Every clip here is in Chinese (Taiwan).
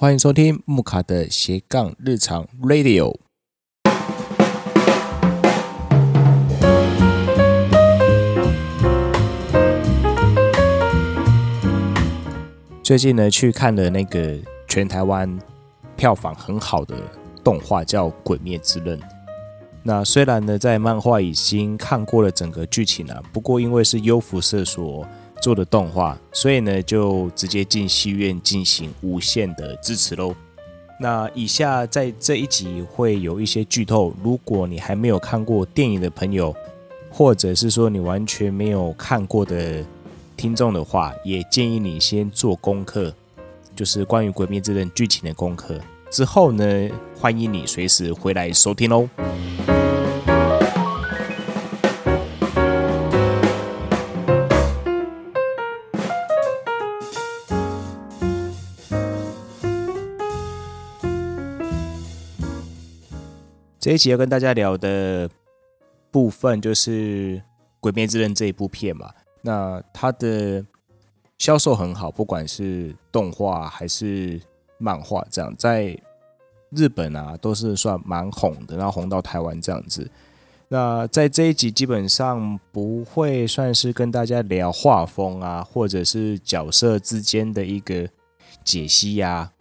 歡迎收聽木卡的斜槓日常 Radio。最近呢，去看了那個全台灣票房很好的動畫，叫《鬼滅之刃》。那雖然呢，在漫畫已經看過了整個劇情了，啊，不過因為是幽浮社做做的動畫，所以呢，就直接進戲院進行無限的支持嘍。那以下在這一集會有一些劇透，如果你還沒有看過電影的朋友，或者是說你完全沒有看過的聽眾的話，也建議你先做功課，就是關於《鬼滅之刃》劇情的功課。之後呢，歡迎你隨時回來收聽嘍。這一集要跟大家聊的部分就是《鬼滅之刃》這一部片嘛，那它的銷售很好，不管是動畫還是漫畫，這樣在日本啊都是算蠻紅的，然後紅到台灣這樣子。那在這一集基本上不會算是跟大家聊畫風啊，或者是角色之間的一個解析呀，啊，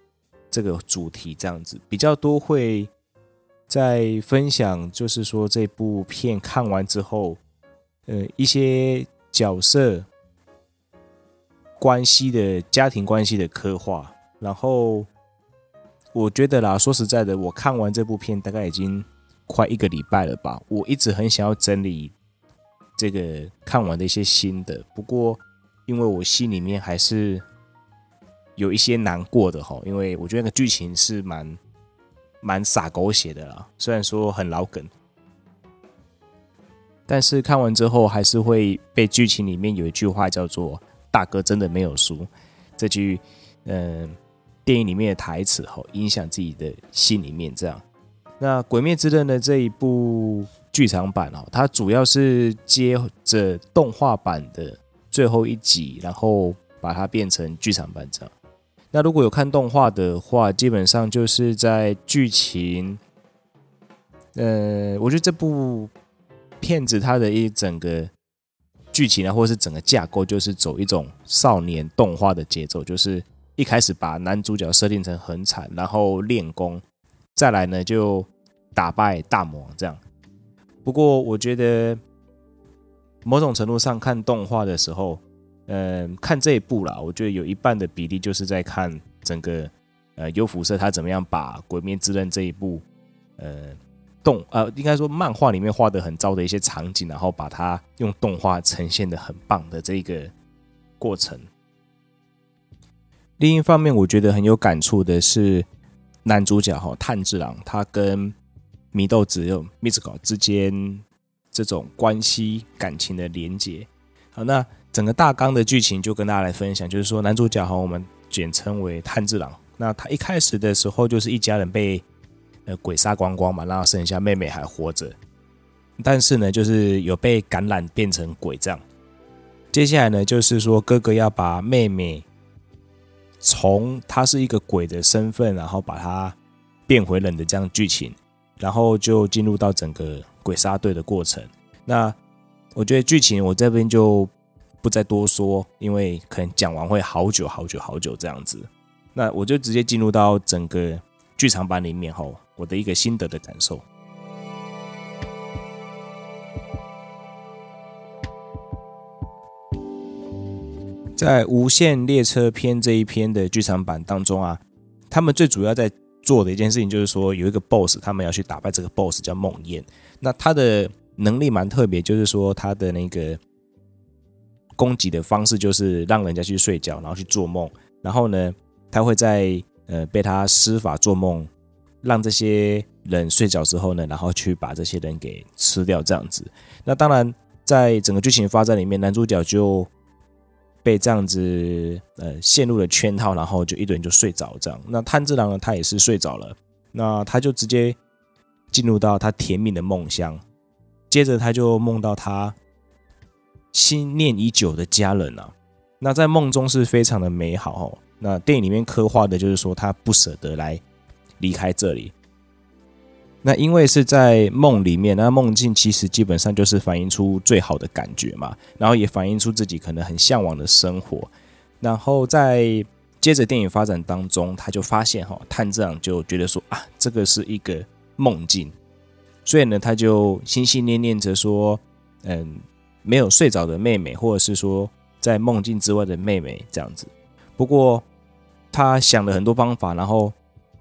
這個主題這樣子比較多會在分享，就是說這部片看完之後，呃，一些角色關係的家庭關係的刻畫，然後我覺得啦，說實在的，我看完這部片大概已經快一個禮拜了吧，我一直很想要整理這個看完的一些心得，不過因為我心裡面還是有一些難過的哈，因為我覺得那個劇情是蠻。蠻灑狗血的啦，雖然說很老梗，但是看完之後還是會被劇情裡面有一句話叫做“大哥真的沒有輸”這句，嗯、呃，電影裡面的台詞吼、哦，影響自己的心裡面這樣。那《鬼滅之刃》的這一部劇場版哦，它主要是接着動畫版的最後一集，然後把它變成劇場版這樣。那如果有看動畫的話，基本上就是在劇情，呃，我覺得這部片子它的一整個劇情啊，或是整個架構，就是走一種少年動畫的節奏，就是一開始把男主角設定成很慘，然後練功，再來呢就打敗大魔王這樣。不過我覺得某種程度上看動畫的時候。嗯、呃，看這一部啦，我覺得有一半的比例就是在看整個，呃，優撫社他怎麼樣把《鬼滅之刃》這一部，呃，動呃，應該說漫畫裡面畫得很糟的一些場景，然後把它用動畫呈現得很棒的這一個過程。另一方面，我覺得很有感觸的是男主角哈炭治郎他跟禰豆子又米子糕之間這種關係感情的連接。好，那。整個大綱的劇情就跟大家來分享，就是說男主角哈，我們簡稱為炭治郎。那他一開始的時候就是一家人被呃鬼殺光光嘛，然後剩下妹妹還活着，但是呢，就是有被感染變成鬼這樣。接下來呢，就是說哥哥要把妹妹從他是一個鬼的身份，然後把他變回人的這樣劇情，然後就進入到整個鬼殺隊的過程。那我覺得劇情我這邊就不再多說，因為可能講完會好久好久好久這樣子。那我就直接進入到整個劇場版裡面後，我的一個心得的感受。在《無限列車篇》這一篇的劇場版當中啊，他們最主要在做的一件事情就是說，有一個 BOSS，他們要去打敗這個 BOSS，叫夢魘。那他的能力蠻特別，就是說他的那個。攻擊的方式就是讓人家去睡覺，然後去做夢，然後呢，他會在呃被他施法做夢，讓這些人睡覺之後呢，然後去把這些人給吃掉這樣子。那當然，在整個劇情發展裡面，男主角就被這樣子呃陷入了圈套，然後就一人就睡着這樣。那炭治郎呢，他也是睡着了，那他就直接進入到他甜蜜的夢鄉，接着他就夢到他。心念已久的家人啊，那在夢中是非常的美好、哦。那電影裡面刻畫的，就是說他不捨得來離開這裡。那因為是在夢裡面，那夢境其實基本上就是反映出最好的感覺嘛，然後也反映出自己可能很向往的生活。然後在接着電影發展當中，他就發現哈、哦，探長就覺得說啊，這個是一個夢境，所以呢，他就心心念念着說，嗯。沒有睡着的妹妹，或者是說在夢境之外的妹妹這樣子。不過他想了很多方法，然後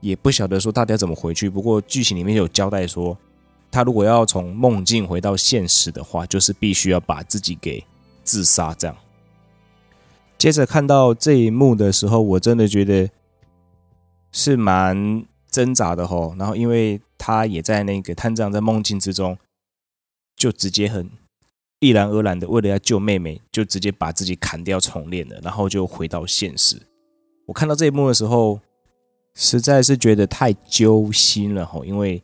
也不曉得說到底要怎麼回去。不過劇情裡面有交代說，他如果要從夢境回到現實的話，就是必須要把自己給自殺這樣。接着看到這一幕的時候，我真的覺得是蠻掙扎的吼、哦。然後因為他也在那個探長在夢境之中，就直接很。毅然而然的，為了要救妹妹，就直接把自己砍掉重練了，然後就回到現實。我看到這一幕的時候，實在是覺得太揪心了哈，因為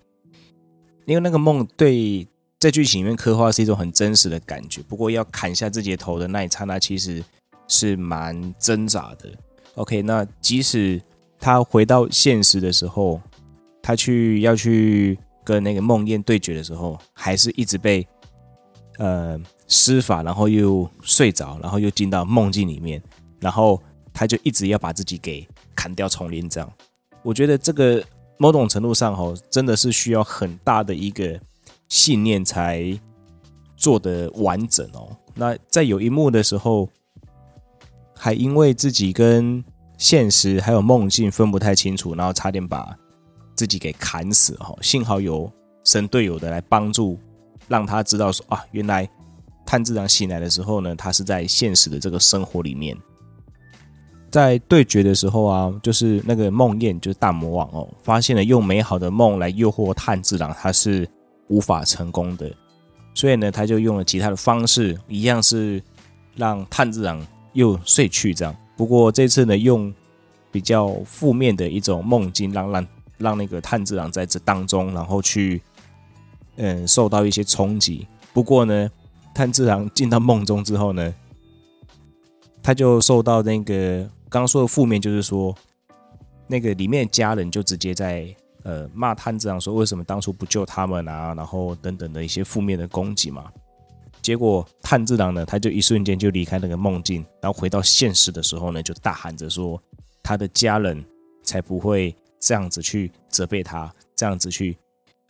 因為那個夢對在劇情裡面刻畫是一種很真實的感覺。不過要砍下自己的頭的那一剎那，其實是蠻掙扎的。OK，那即使他回到現實的時候，他去要去跟那個夢魘對決的時候，還是一直被。呃，施法，然後又睡着，然後又進到夢境裡面，然後他就一直要把自己給砍掉叢林，這樣。我覺得這個某種程度上吼、哦，真的是需要很大的一個信念才做得完整哦。那在有一幕的時候，還因為自己跟現實還有夢境分不太清楚，然後差點把自己給砍死吼、哦，幸好有神隊友的來幫助。讓他知道說啊，原來炭治郎醒來的時候呢，他是在現實的這個生活裡面。在對決的時候啊，就是那個夢魘，就是大魔王哦，發現了用美好的夢來誘惑炭治郎，他是無法成功的。所以呢，他就用了其他的方式，一樣是讓炭治郎又睡去這樣。不過這次呢，用比較負面的一種夢境讓，讓讓讓那個炭治郎在這當中，然後去。嗯，受到一些衝擊。不過呢，炭治郎進到夢中之後呢，他就受到那個剛剛說的負面，就是說那個裡面的家人就直接在呃罵炭治郎說為什麼當初不救他們啊，然後等等的一些負面的攻擊嘛。結果炭治郎呢，他就一瞬間就離開那個夢境，然後回到現實的時候呢，就大喊着說他的家人才不會這樣子去責備他，這樣子去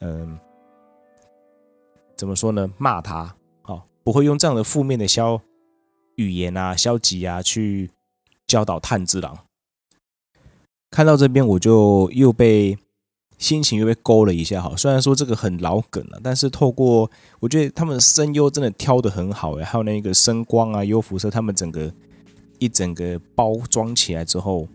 嗯。怎麼說呢？罵他好、哦，不會用這樣的負面的消語言啊、消極啊去教導炭治郎。看到這邊我就又被心情又被勾了一下哈。雖然說這個很老梗了、啊，但是透過我覺得他們的聲優真的挑得很好、欸、還有那個聲光啊、優輻射，他們整個一整個包裝起來之後，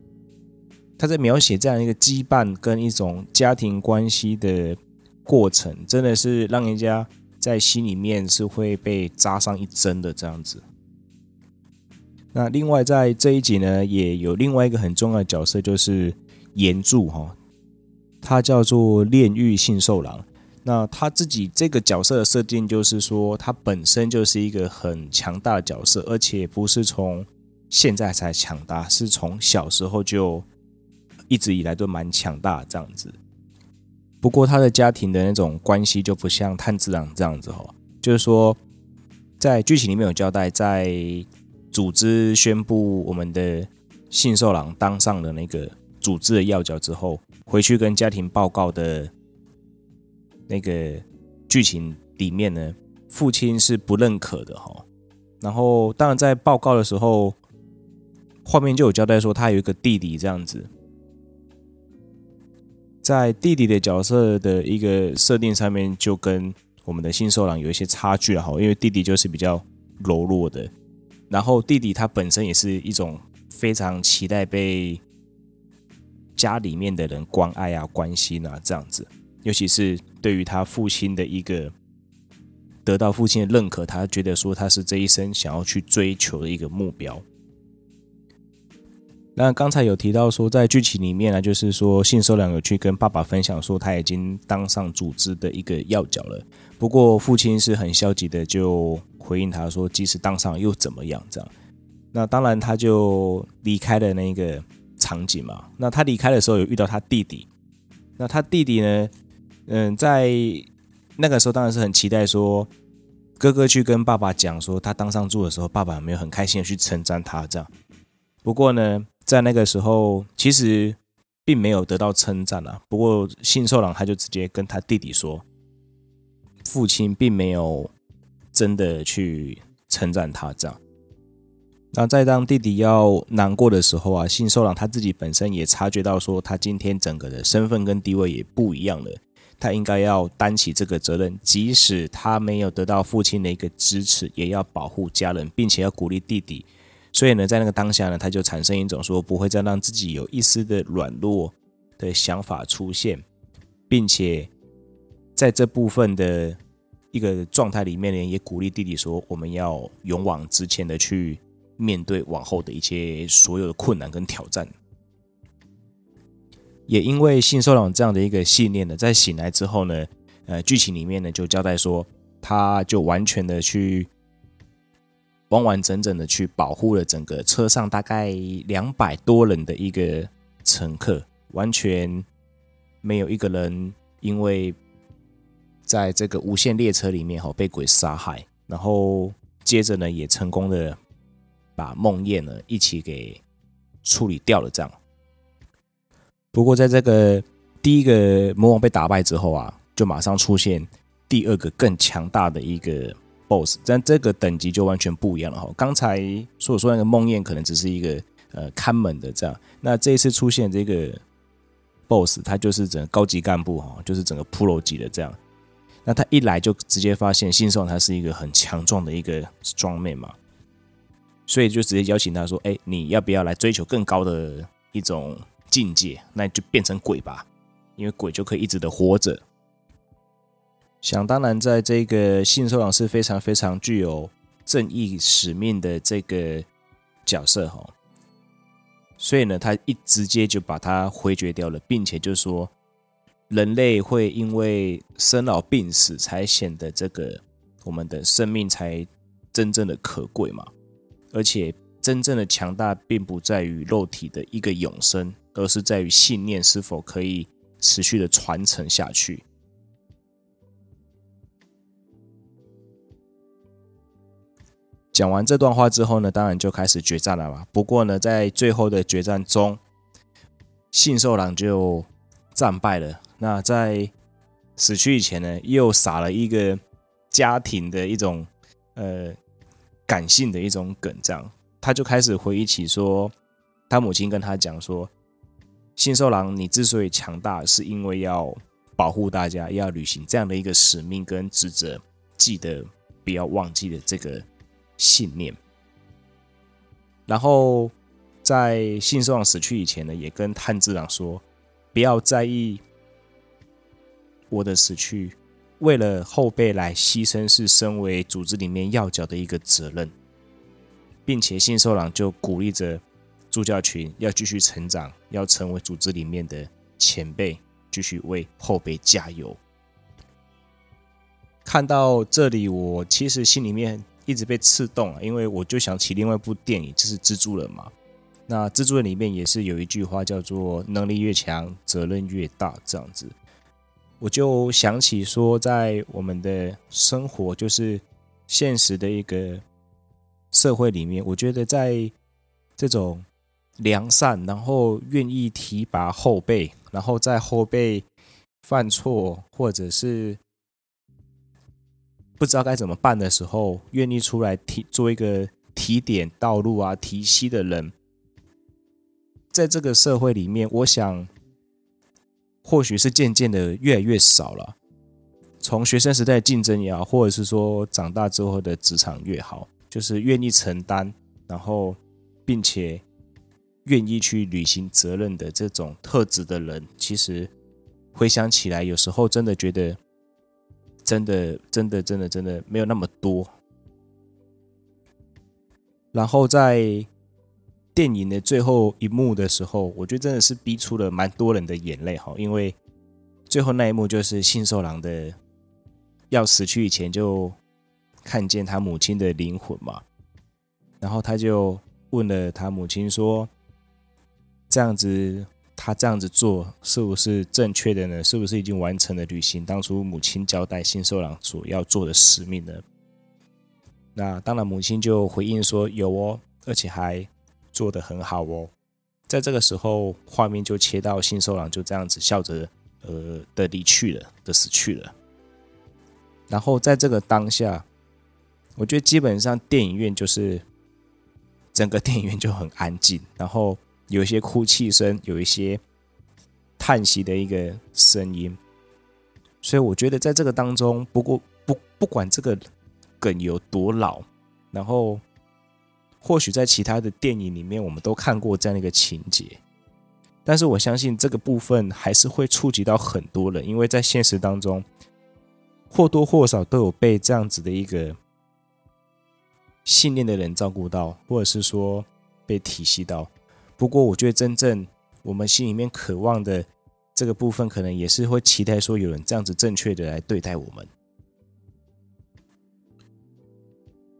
他在描寫這樣一個羈絆跟一種家庭關係的過程，真的是讓人家。在心裡面是會被扎上一針的這樣子。那另外在這一集呢，也有另外一個很重要的角色，就是炎柱哈、哦，他叫做煉獄杏壽郎，那他自己這個角色的設定就是說，他本身就是一個很強大的角色，而且不是從現在才強大，是從小時候就一直以來都蠻強大的這樣子。不過他的家庭的那種關係就不像炭治郎這樣子哦、喔，就是說，在劇情裡面有交代，在組織宣布我們的杏壽郎當上了那個組織的要角之後，回去跟家庭報告的那個劇情裡面呢，父親是不認可的哈。然後當然在報告的時候，畫面就有交代說他有一個弟弟這樣子。在弟弟的角色的一個設定上面，就跟我們的杏壽郎有一些差距了哈，因為弟弟就是比較柔弱的，然後弟弟他本身也是一種非常期待被家裡面的人關愛啊、關心啊這樣子，尤其是對於他父親的一個得到父親的認可，他覺得說他是這一生想要去追求的一個目標。那剛才有提到說，在劇情裡面呢，就是說杏壽郎有去跟爸爸分享說他已經當上組織的一個要角了。不過父親是很消極的就回應他說，即使當上又怎麼樣？這樣。那當然他就離開了那個場景嘛。那他離開的時候有遇到他弟弟。那他弟弟呢，嗯，在那個時候當然是很期待說哥哥去跟爸爸講說他當上柱的時候，爸爸有沒有很開心的去稱讚他？這樣。不過呢。在那個時候，其實並沒有得到稱讚啊。不過杏壽郎他就直接跟他弟弟說，父親並沒有真的去稱讚他這樣。那在當弟弟要難過的時候啊，杏壽郎他自己本身也察覺到說，他今天整個的身份跟地位也不一樣了，他應該要擔起這個責任，即使他沒有得到父親的一個支持，也要保護家人，並且要鼓勵弟弟。所以呢，在那個當下呢，他就產生一種說不會再讓自己有一絲的軟弱的想法出現，並且在這部分的一個狀態裡面呢，也鼓勵弟弟說，我們要勇往直前的去面對往後的一些所有的困難跟挑戰。也因為杏壽郎這樣的一個信念呢，在醒來之後呢，呃，劇情裡面呢就交代說，他就完全的去。完完整整的去保護了整個車上大概兩百多人的一個乘客，完全沒有一個人因為在這個無限列車裡面哈被鬼殺害，然後接着呢也成功的把夢魘呢一起給處理掉了。這樣，不過在這個第一個魔王被打敗之後啊，就馬上出現第二個更強大的一個。boss，但這個等級就完全不一樣了哈。剛才所說，說那個夢魘可能只是一個呃看門的這樣，那這一次出現這個 boss，他就是整個高級幹部哈，就是整個 pro 級的這樣。那他一來就直接發現杏壽他是一個很強壯的一個 strong man 嘛，所以就直接邀請他說：“哎、欸，你要不要來追求更高的一種境界？那你就變成鬼吧，因為鬼就可以一直的活着。”想當然，在這個杏壽郎是非常非常具有正義使命的這個角色哈、哦，所以呢，他一直接就把它回絕掉了，並且就說，人類會因為生老病死才顯得這個我們的生命才真正的可貴嘛，而且真正的強大並不在於肉體的一個永生，而是在於信念是否可以持續的傳承下去。講完這段話之後呢，當然就開始決戰了嘛。不過呢，在最後的決戰中，杏壽郎就戰敗了。那在死去以前呢，又撒了一個家庭的一種呃感性的一種梗，這樣他就開始回憶起說，他母親跟他講說：“杏壽郎你之所以強大，是因為要保護大家，要履行這樣的一個使命跟職責，記得不要忘記了這個。”信念。然後，在杏壽郎死去以前呢，也跟炭治郎說：“不要在意我的死去，為了後輩來犧牲是身為組織裡面要角的一個責任。”並且，杏壽郎就鼓勵着助教群要繼續成長，要成為組織裡面的前輩，繼續為後輩加油。看到這裡，我其實心裡面。一直被刺痛啊，因為我就想起另外一部電影，就是《蜘蛛人》嘛。那《蜘蛛人》裡面也是有一句話叫做“能力越強，責任越大”這樣子。我就想起說，在我們的生活，就是現實的一個社會裡面，我覺得在這種良善，然後願意提拔後輩，然後在後輩犯錯或者是。不知道該怎麼辦的時候，願意出來提做一個提點道路啊、提攜的人，在這個社會裡面，我想或許是漸漸的越來越少了。從學生時代競爭也好，或者是說長大之後的職場越好，就是願意承擔，然後並且願意去履行責任的這種特質的人，其實回想起來，有時候真的覺得。真的，真的，真的，真的沒有那麼多。然後在電影的最後一幕的時候，我覺得真的是逼出了蠻多人的眼淚哈，因為最後那一幕就是杏壽郎的要死去以前，就看見他母親的靈魂嘛，然後他就問了他母親說：“這樣子。”他這樣子做是不是正確的呢？是不是已經完成了履行當初母親交代杏壽郎所要做的使命呢？那當然，母親就回應說：“有哦，而且還做得很好哦。”在這個時候，畫面就切到杏壽郎就這樣子笑着，呃，的離去了，的死去了。然後在這個當下，我覺得基本上電影院就是整個電影院就很安靜，然後。有一些哭泣聲，有一些嘆息的一個聲音，所以我覺得在這個當中，不過不不管這個梗有多老，然後或許在其他的電影裡面，我們都看過這樣的一個情節，但是我相信這個部分還是會觸及到很多人，因為在現實當中或多或少都有被這樣子的一個信念的人照顧到，或者是說被體系到。不過，我覺得真正我們心裡面渴望的這個部分，可能也是會期待說有人這樣子正確的來對待我們。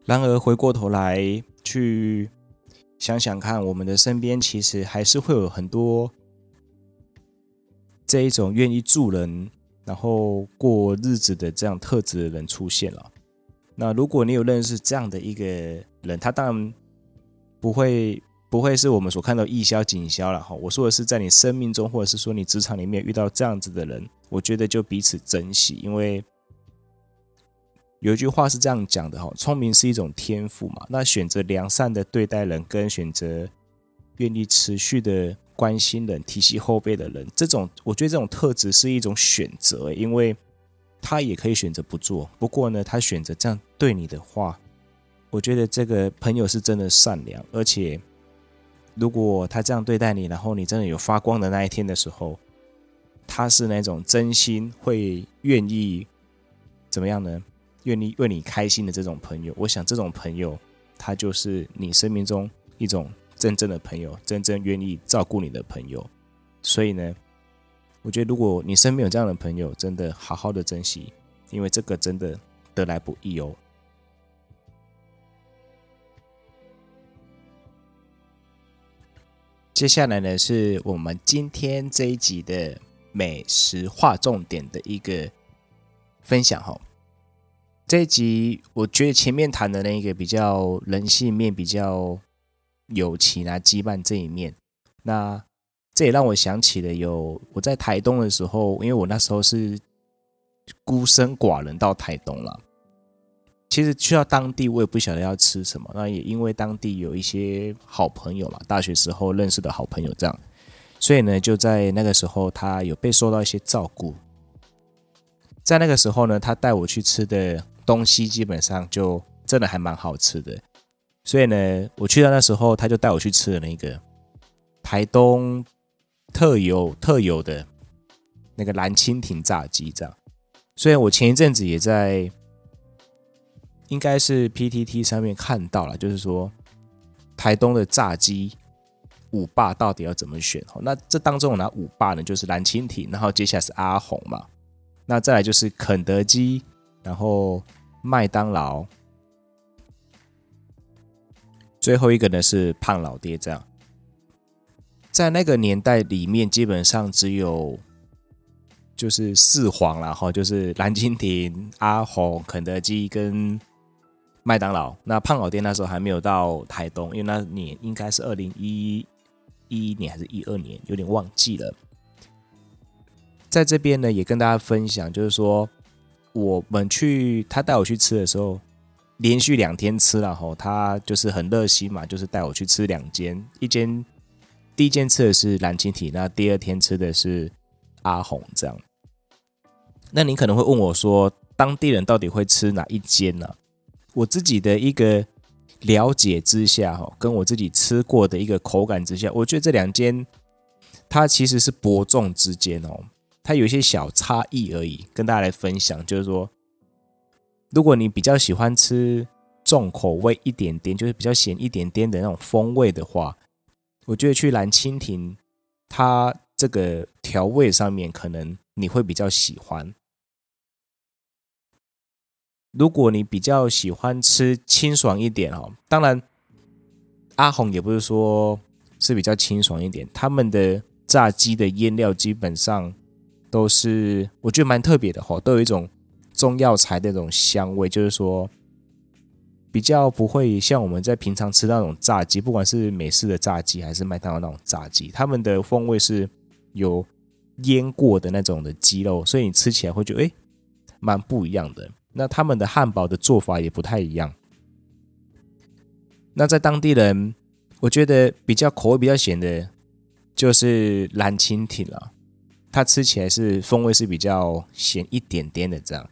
然而，回過頭來去想想看，我們的身邊其實還是會有很多這一種願意助人、然後過日子的這樣特質的人出現了。那如果你有認識這樣的一個人，他當然不會。不會是我們所看到一銷景銷了哈，我說的是在你生命中或者是說你職場裡面遇到這樣子的人，我覺得就彼此珍惜，因為有一句話是這樣講的哈，聰明是一種天賦嘛，那選擇良善的對待人，跟選擇願意持續的關心人、提攜後輩的人，這種我覺得這種特質是一種選擇，因為他也可以選擇不做，不過呢，他選擇這樣對你的話，我覺得這個朋友是真的善良，而且。如果他這樣對待你，然後你真的有發光的那一天的時候，他是那種真心會願意怎麼樣呢？願意為你開心的這種朋友，我想這種朋友他就是你生命中一種真正的朋友，真正願意照顧你的朋友。所以呢，我覺得如果你身邊有這樣的朋友，真的好好的珍惜，因為這個真的得來不易哦。接下來呢，是我們今天這一集的美食畫重點的一個分享哈。這一集我覺得前面談的那一個比較人性面，比較友情啊、羈絆這一面，那這也讓我想起了有我在台東的時候，因為我那時候是孤身寡人到台東了。其實去到當地，我也不曉得要吃什麼。那也因為當地有一些好朋友嘛，大學時候認識的好朋友這樣，所以呢，就在那個時候，他有被受到一些照顧。在那個時候呢，他帶我去吃的東西，基本上就真的還蠻好吃的。所以呢，我去到那時候，他就帶我去吃了那個台東特有特有的那個藍蜻蜓炸雞這樣。所以我前一陣子也在。應該是 PTT 上面看到了，就是說台東的炸雞五霸到底要怎麼選？哦，那這當中我拿五霸呢，就是藍蜻蜓，然後接下來是阿鋐嘛，那再來就是肯德基，然後麥當勞，最後一個呢是胖老爹。這樣，在那個年代裡面，基本上只有就是四皇啦，哈，就是藍蜻蜓、阿鋐、肯德基跟。麥當勞，那胖老爹那時候還沒有到台東，因為那年應該是二零一一年還是一二年，有點忘記了。在這邊呢，也跟大家分享，就是說我們去他帶我去吃的時候，連續兩天吃了吼，他就是很熱心嘛，就是帶我去吃兩間，一間第一間吃的是藍蜻蜓，那第二天吃的是阿鋐這樣。那你可能會問我說，當地人到底會吃哪一間呢、啊？我自己的一個了解之下，哈，跟我自己吃過的一個口感之下，我覺得這兩間它其實是伯仲之間哦，它有一些小差異而已，跟大家來分享，就是說，如果你比較喜歡吃重口味一點點，就是比較鹹一點點的那種風味的話，我覺得去藍蜻蜓，它這個調味上面可能你會比較喜歡。如果你比較喜歡吃清爽一點哦，當然阿鋐也不是說是比較清爽一點，他們的炸雞的醃料基本上都是我覺得蠻特別的哦，都有一種中藥材的那種香味，就是說比較不會像我們在平常吃那種炸雞，不管是美式的炸雞還是麥當勞那種炸雞，他們的風味是有醃過的那種的雞肉，所以你吃起來會覺得哎，蠻不一樣的。那他們的漢堡的做法也不太一樣。那在當地人，我覺得比較口味比較鹹的，就是藍蜻蜓了。它吃起來是風味是比較鹹一點點的這樣。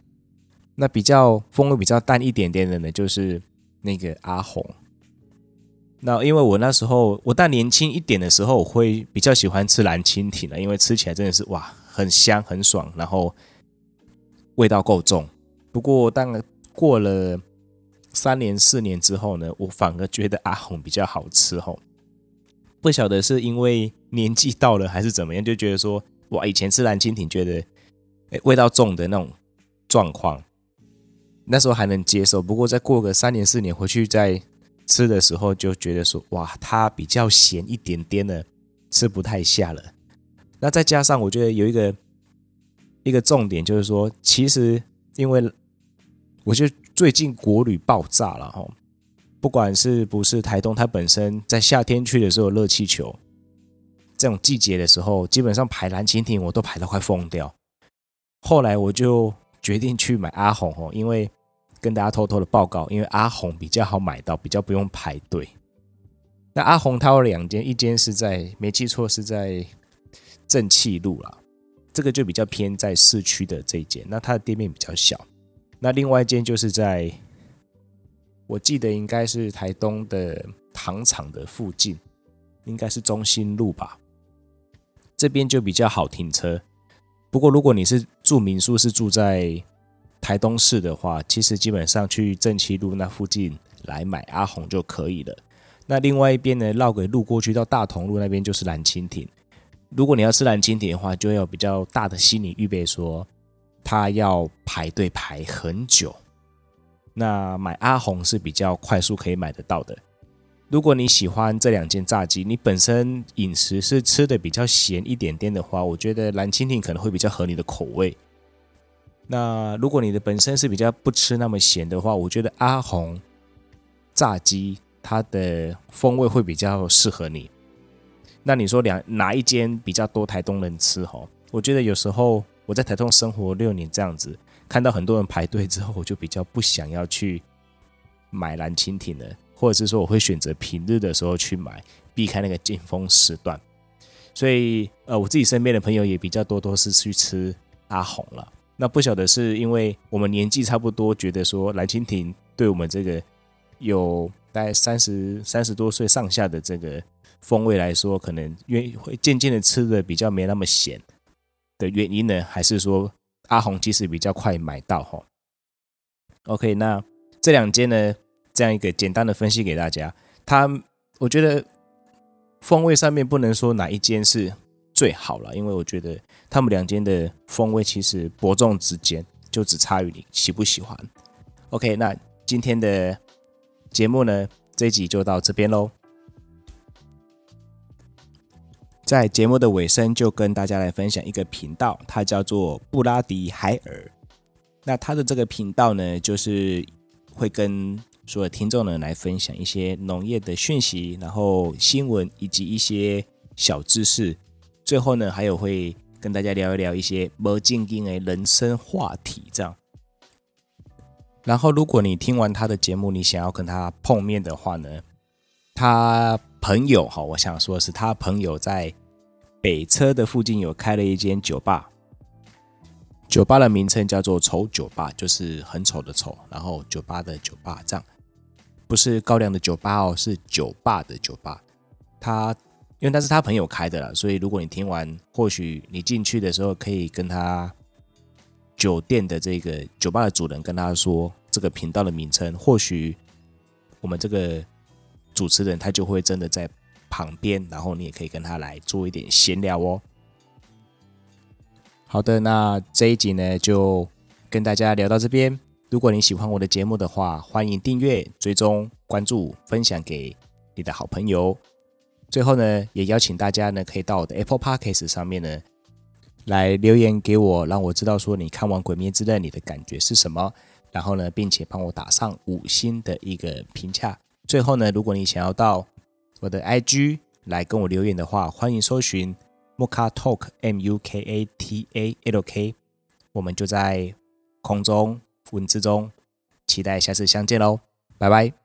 那比較風味比較淡一點點的呢，就是那個阿鋐。那因為我那時候，我大年輕一點的時候，我會比較喜歡吃藍蜻蜓了，因為吃起來真的是哇，很香很爽，然後味道夠重。不過，當過了三年四年之後呢，我反而覺得阿鋐比較好吃吼、哦。不曉得是因為年紀到了還是怎麼樣，就覺得說，哇，以前吃藍蜻蜓覺得、欸，味道重的那種狀況，那時候還能接受。不過再過個三年四年回去再吃的時候，就覺得說，哇，它比較鹹一點點的，吃不太下了。那再加上我覺得有一個一個重點就是說，其實因為。我就最近國旅爆炸了哈，不管是不是台東，它本身在夏天去的時候熱氣球，這種季節的時候，基本上排藍蜻蜓我都排到快瘋掉。後來我就決定去買阿鋐哦，因為跟大家偷偷的報告，因為阿鋐比較好買到，比較不用排隊。那阿鋐它有兩間，一間是在沒記錯是在正氣路啦，這個就比較偏在市區的這一間，那它的店面比較小。那另外一間就是在，我記得應該是台東的糖廠的附近，應該是中心路吧，這邊就比較好停車。不過如果你是住民宿，是住在台東市的話，其實基本上去正氣路那附近來買阿鋐就可以了。那另外一邊呢，繞個路過去到大同路那邊就是藍蜻蜓。如果你要吃藍蜻蜓的話，就要比較大的心理預備說。他要排隊排很久，那買阿鋐是比較快速可以買得到的。如果你喜歡這兩間炸雞，你本身飲食是吃的比較鹹一點點的話，我覺得藍蜻蜓可能會比較合你的口味。那如果你的本身是比較不吃那麼鹹的話，我覺得阿鋐炸雞它的風味會比較適合你。那你說兩哪一間比較多台東人吃？吼，我覺得有時候。我在台東生活六年，這樣子看到很多人排隊之後，我就比較不想要去買藍蜻蜓了，或者是說我會選擇平日的時候去買，避開那個尖峰時段。所以，呃，我自己身邊的朋友也比較多多是去吃阿鋐了。那不曉得是因為我們年紀差不多，覺得說藍蜻蜓對我們這個有大概三十三十多歲上下的這個風味來說，可能因為會漸漸的吃的比較沒那麼鹹。的原因呢，還是說阿鋐其實比較快買到哈？OK，那這兩間呢，這樣一個簡單的分析給大家，他我覺得風味上面不能說哪一間是最好了，因為我覺得他們兩間的風味其實伯仲之間，就只差於你喜不喜歡。OK，那今天的節目呢，這一集就到這邊嘍。在節目的尾聲，就跟大家來分享一個頻道，它叫做布拉迪海爾。那他的這個頻道呢，就是會跟所有聽眾呢來分享一些農業的訊息，然後新聞以及一些小知識。最後呢，還有會跟大家聊一聊一些沒禁音誒人生話題這樣。然後，如果你聽完他的節目，你想要跟他碰面的話呢，他。朋友，哈，我想說的是，他朋友在北車的附近有開了一間酒吧，酒吧的名稱叫做“醜酒吧”，就是很醜的“醜”，然後酒吧的“酒吧”這樣，不是高粱的“酒吧”哦，是酒吧的“酒吧”。他因為他是他朋友開的了，所以如果你聽完，或許你進去的時候可以跟他酒店的這個酒吧的主人跟他說這個頻道的名稱，或許我們這個。主持人他就會真的在旁邊，然後你也可以跟他來做一點閒聊哦。好的，那這一集呢就跟大家聊到這邊。如果你喜歡我的節目的話，歡迎訂閱、追蹤、關注、分享給你的好朋友。最後呢，也邀請大家呢可以到我的 Apple Podcast 上面呢來留言給我，讓我知道說你看完《鬼滅之刃》你的感覺是什麼，然後呢，並且幫我打上五星的一個評價。最後呢，如果你想要到我的 IG 來跟我留言的話，歡迎搜尋 Muka Talk Muka Talk, M U K A T A L K，我們就在空中文字中期待下次相見嘍，拜拜。